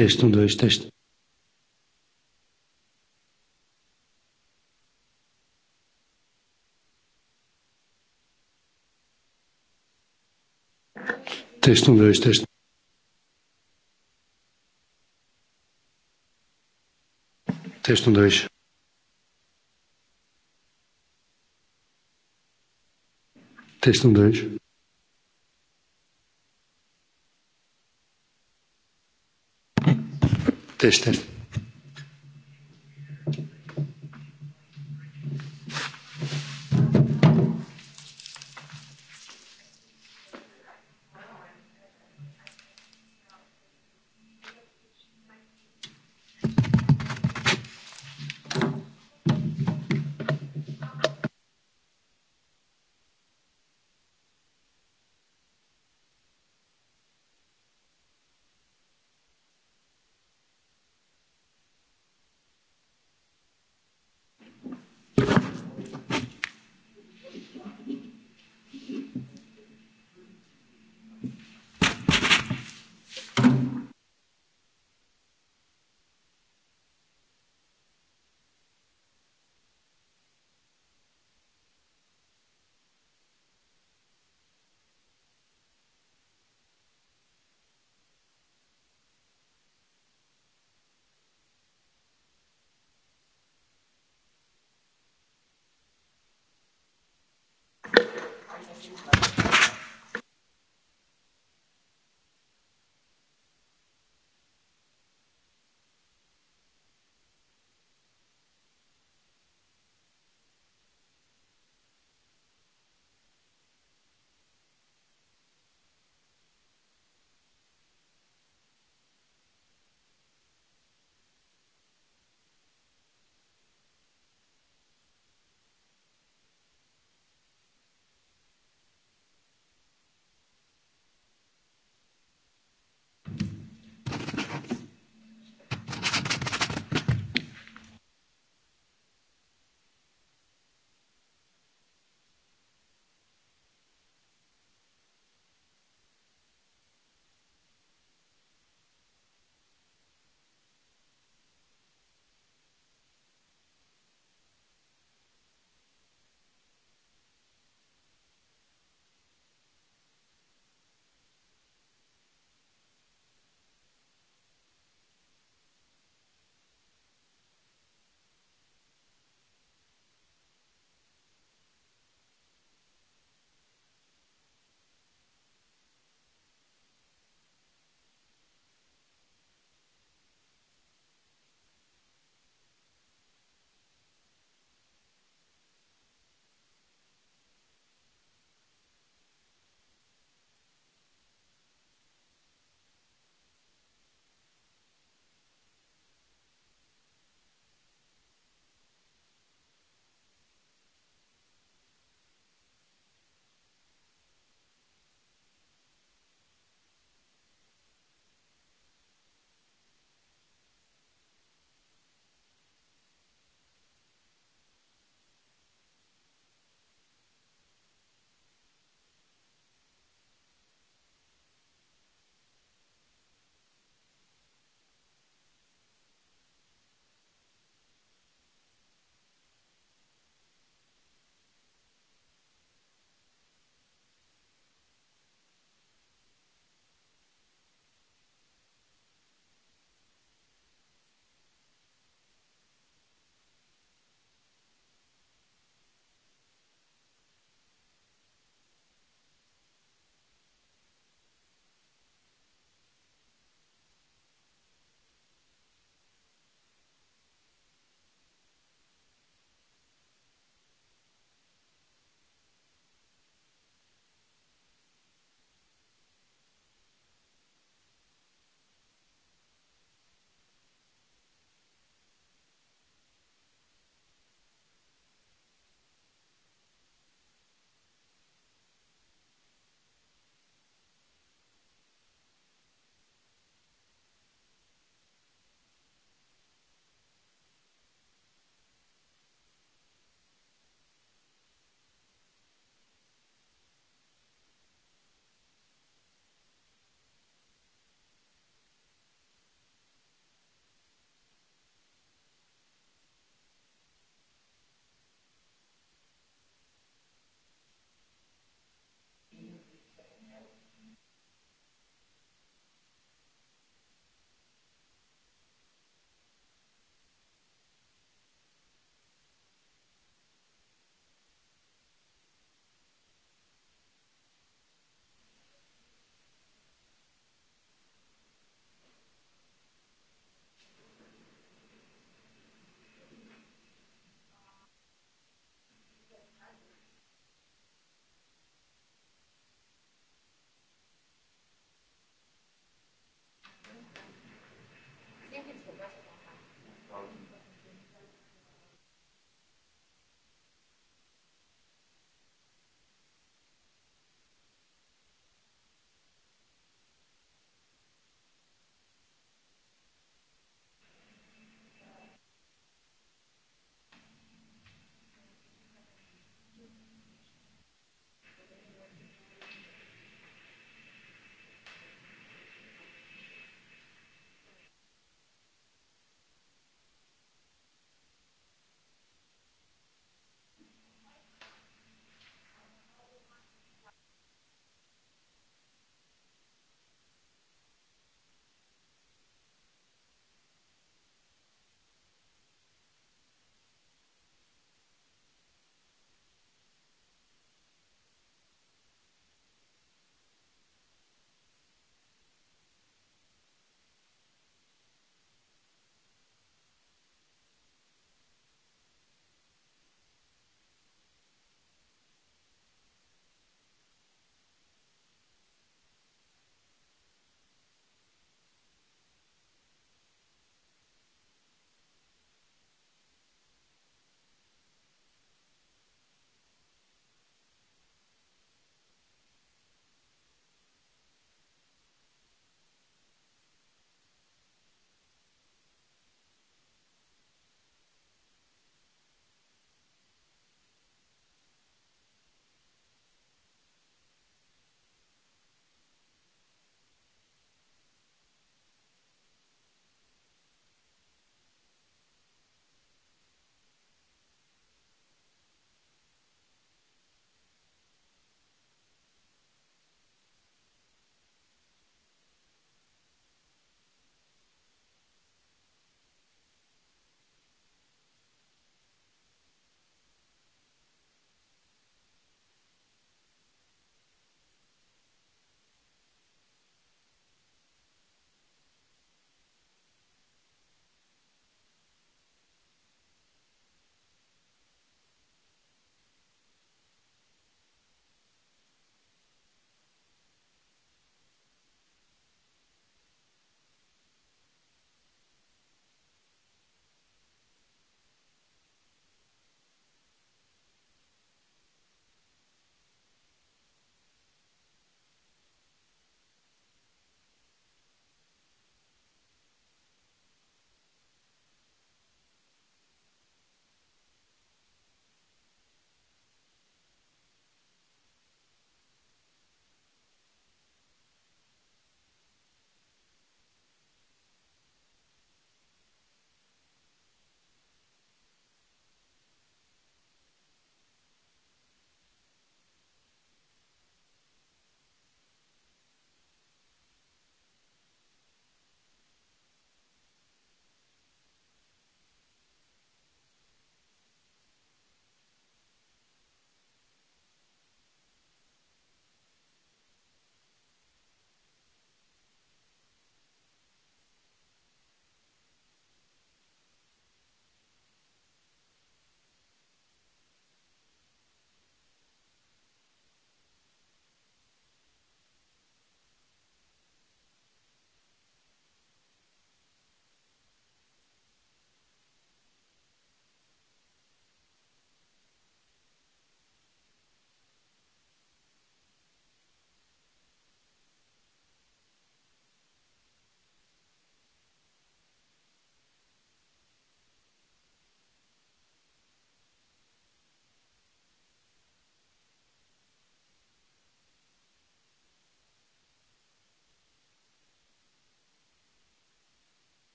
Três, um, dois, teste. Teste, um, dois, teste. Teste, um, dois. Teste, um, dois. Testen.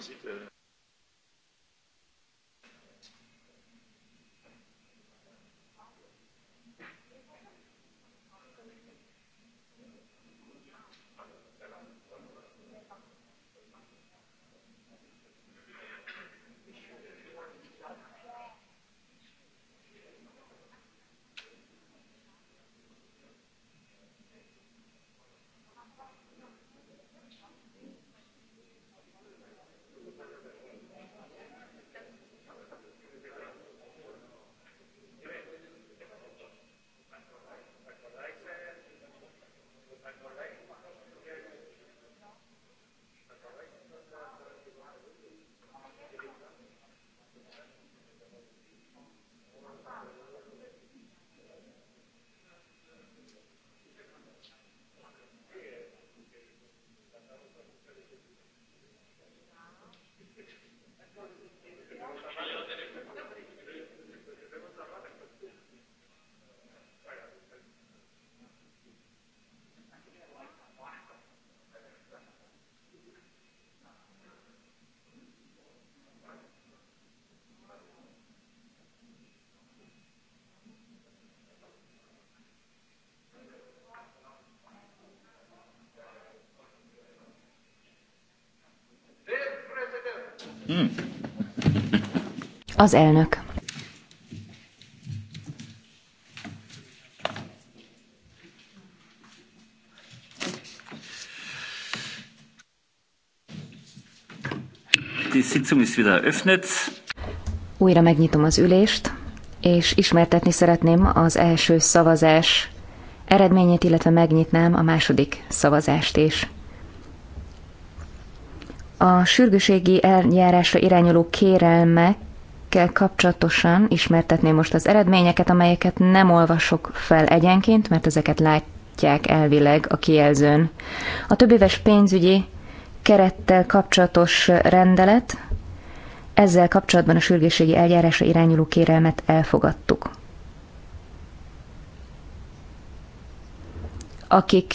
az Az elnök. Újra megnyitom az ülést, és ismertetni szeretném az első szavazás eredményét, illetve megnyitnám a második szavazást is. A sürgőségi eljárásra irányuló kérelmek Kell kapcsolatosan ismertetném most az eredményeket, amelyeket nem olvasok fel egyenként, mert ezeket látják elvileg a kijelzőn. A többéves pénzügyi kerettel kapcsolatos rendelet, ezzel kapcsolatban a sürgésségi eljárásra irányuló kérelmet elfogadtuk. Akik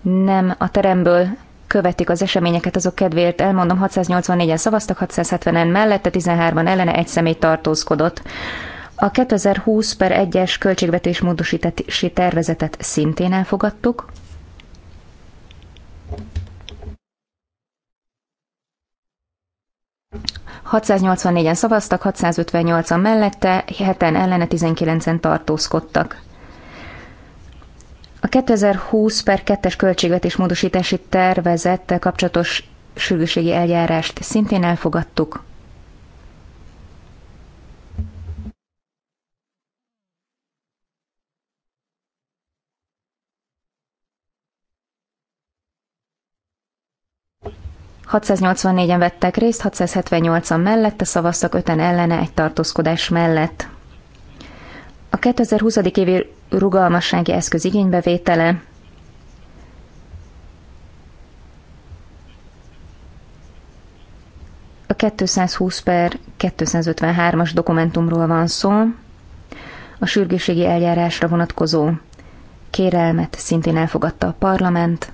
nem a teremből követik az eseményeket, azok kedvéért elmondom, 684-en szavaztak, 670-en mellette, 13-an ellene, egy személy tartózkodott. A 2020 per 1-es költségvetés módosítási tervezetet szintén elfogadtuk. ...684-en szavaztak, 658-an mellette, 7-en ellene, 19-en tartózkodtak. A 2020 per 2-es költségvetés módosítási tervezettel kapcsolatos sürgőségi eljárást szintén elfogadtuk. ...684-en vettek részt, 678-an a szavaztak, 5-en ellene egy tartózkodás mellett. A 2020. évi rugalmassági eszköz igénybevétele, a 220 per 253-as dokumentumról van szó, a sürgőségi eljárásra vonatkozó kérelmet szintén elfogadta a parlament,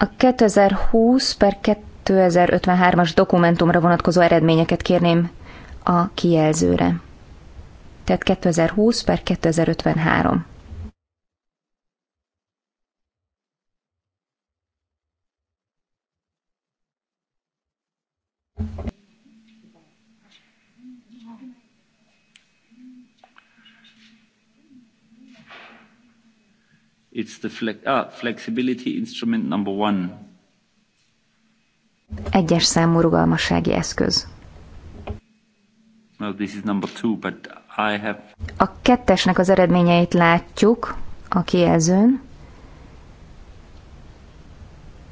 A 2020 per 2053-as dokumentumra vonatkozó eredményeket kérném a kijelzőre. Tehát 2020 per 2053. It's the fle- ah, flexibility instrument number one. Egyes számú rugalmassági eszköz. Well, this is number two, but I have... A kettesnek az eredményeit látjuk a kijelzőn.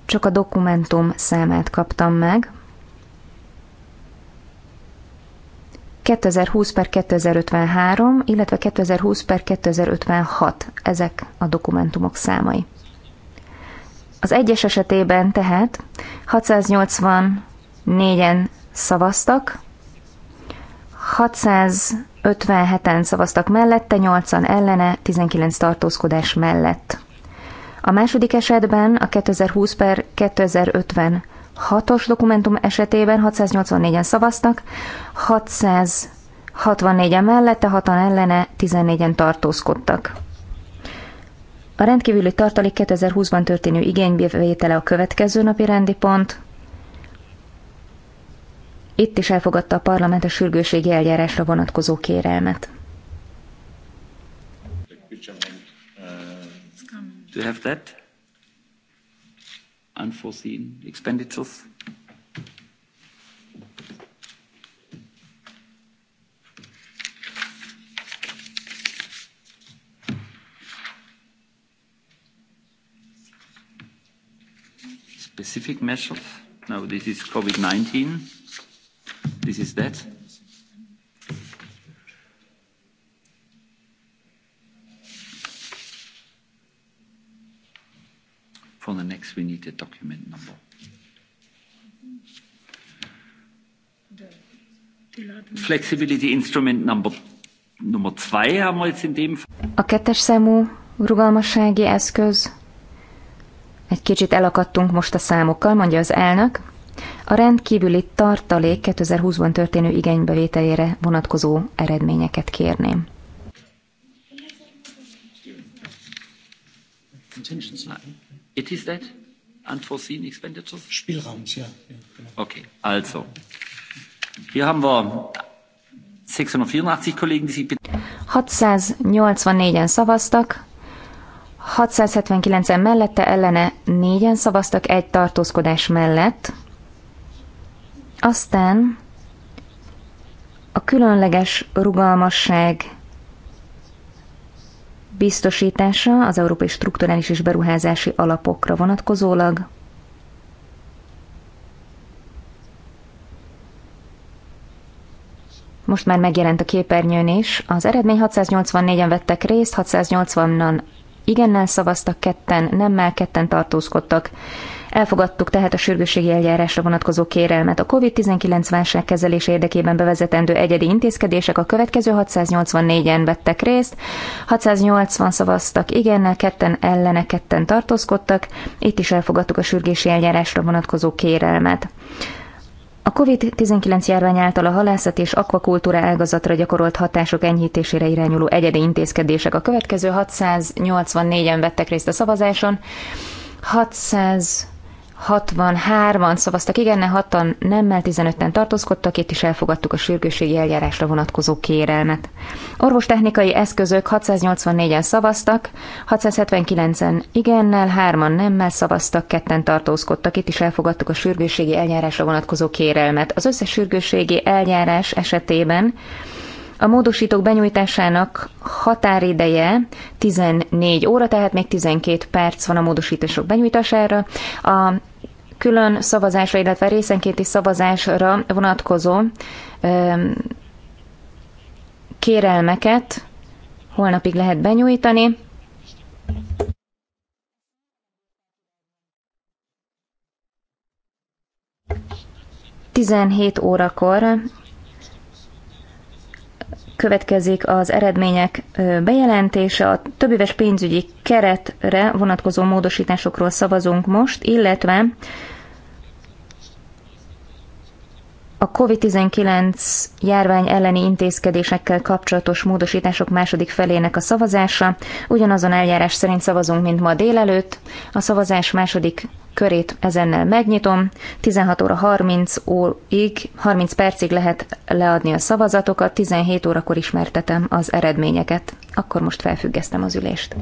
Csak a dokumentum számát kaptam meg. 2020 per 2053, illetve 2020 per 2056 ezek a dokumentumok számai. Az egyes esetében tehát 684-en szavaztak, 657-en szavaztak mellette, 8-an ellene, 19 tartózkodás mellett. A második esetben a 2020 per 2050 6-os dokumentum esetében 684-en szavaztak, 664-en mellette, 6-an ellene, 14-en tartózkodtak. A rendkívüli tartalék 2020-ban történő igénybevétele a következő napi rendi pont. Itt is elfogadta a parlament a sürgőségi eljárásra vonatkozó kérelmet. Do you have that? unforeseen expenditures. Specific measures? No, this is COVID-19. This is that. we need the document number. Flexibility Instrument number, number zwei haben wir jetzt in dem A kettes számú rugalmassági eszköz. Egy kicsit elakadtunk most a számokkal, mondja az elnök. A rendkívüli tartalék 2020-ban történő igénybevételére vonatkozó eredményeket kérném. It is that unforeseen expenditures? Spielraums, ja. ja genau. Okay, also. Hier haben wir 684 Kollegen, die sich 684-en szavaztak, 679-en mellette, ellene 4-en szavaztak egy tartózkodás mellett. Aztán a különleges rugalmasság biztosítása az Európai Strukturális és Beruházási Alapokra vonatkozólag. Most már megjelent a képernyőn is. Az eredmény 684-en vettek részt, 680-nan igennel szavaztak, ketten nemmel, ketten tartózkodtak. Elfogadtuk tehát a sürgősségi eljárásra vonatkozó kérelmet. A COVID-19 válság kezelése érdekében bevezetendő egyedi intézkedések a következő 684-en vettek részt, 680 szavaztak igennel, ketten ellene, ketten tartózkodtak, itt is elfogadtuk a sürgési eljárásra vonatkozó kérelmet. A COVID-19 járvány által a halászat és akvakultúra ágazatra gyakorolt hatások enyhítésére irányuló egyedi intézkedések a következő 684-en vettek részt a szavazáson, 600 63-an szavaztak igenne, 6-an nemmel, 15-en tartózkodtak, itt is elfogadtuk a sürgőségi eljárásra vonatkozó kérelmet. Orvostechnikai eszközök 684-en szavaztak, 679-en igennel, 3-an nemmel szavaztak, 2-en tartózkodtak, itt is elfogadtuk a sürgőségi eljárásra vonatkozó kérelmet. Az összes sürgőségi eljárás esetében a módosítók benyújtásának határideje 14 óra, tehát még 12 perc van a módosítások benyújtására. A külön szavazásra, illetve részenkéti szavazásra vonatkozó kérelmeket holnapig lehet benyújtani. Tizenhét órakor következik az eredmények bejelentése. A többéves pénzügyi keretre vonatkozó módosításokról szavazunk most, illetve a COVID-19 járvány elleni intézkedésekkel kapcsolatos módosítások második felének a szavazása. Ugyanazon eljárás szerint szavazunk, mint ma délelőtt. A szavazás második körét ezennel megnyitom. 16 óra 30 óig, 30 percig lehet leadni a szavazatokat, 17 órakor ismertetem az eredményeket. Akkor most felfüggesztem az ülést.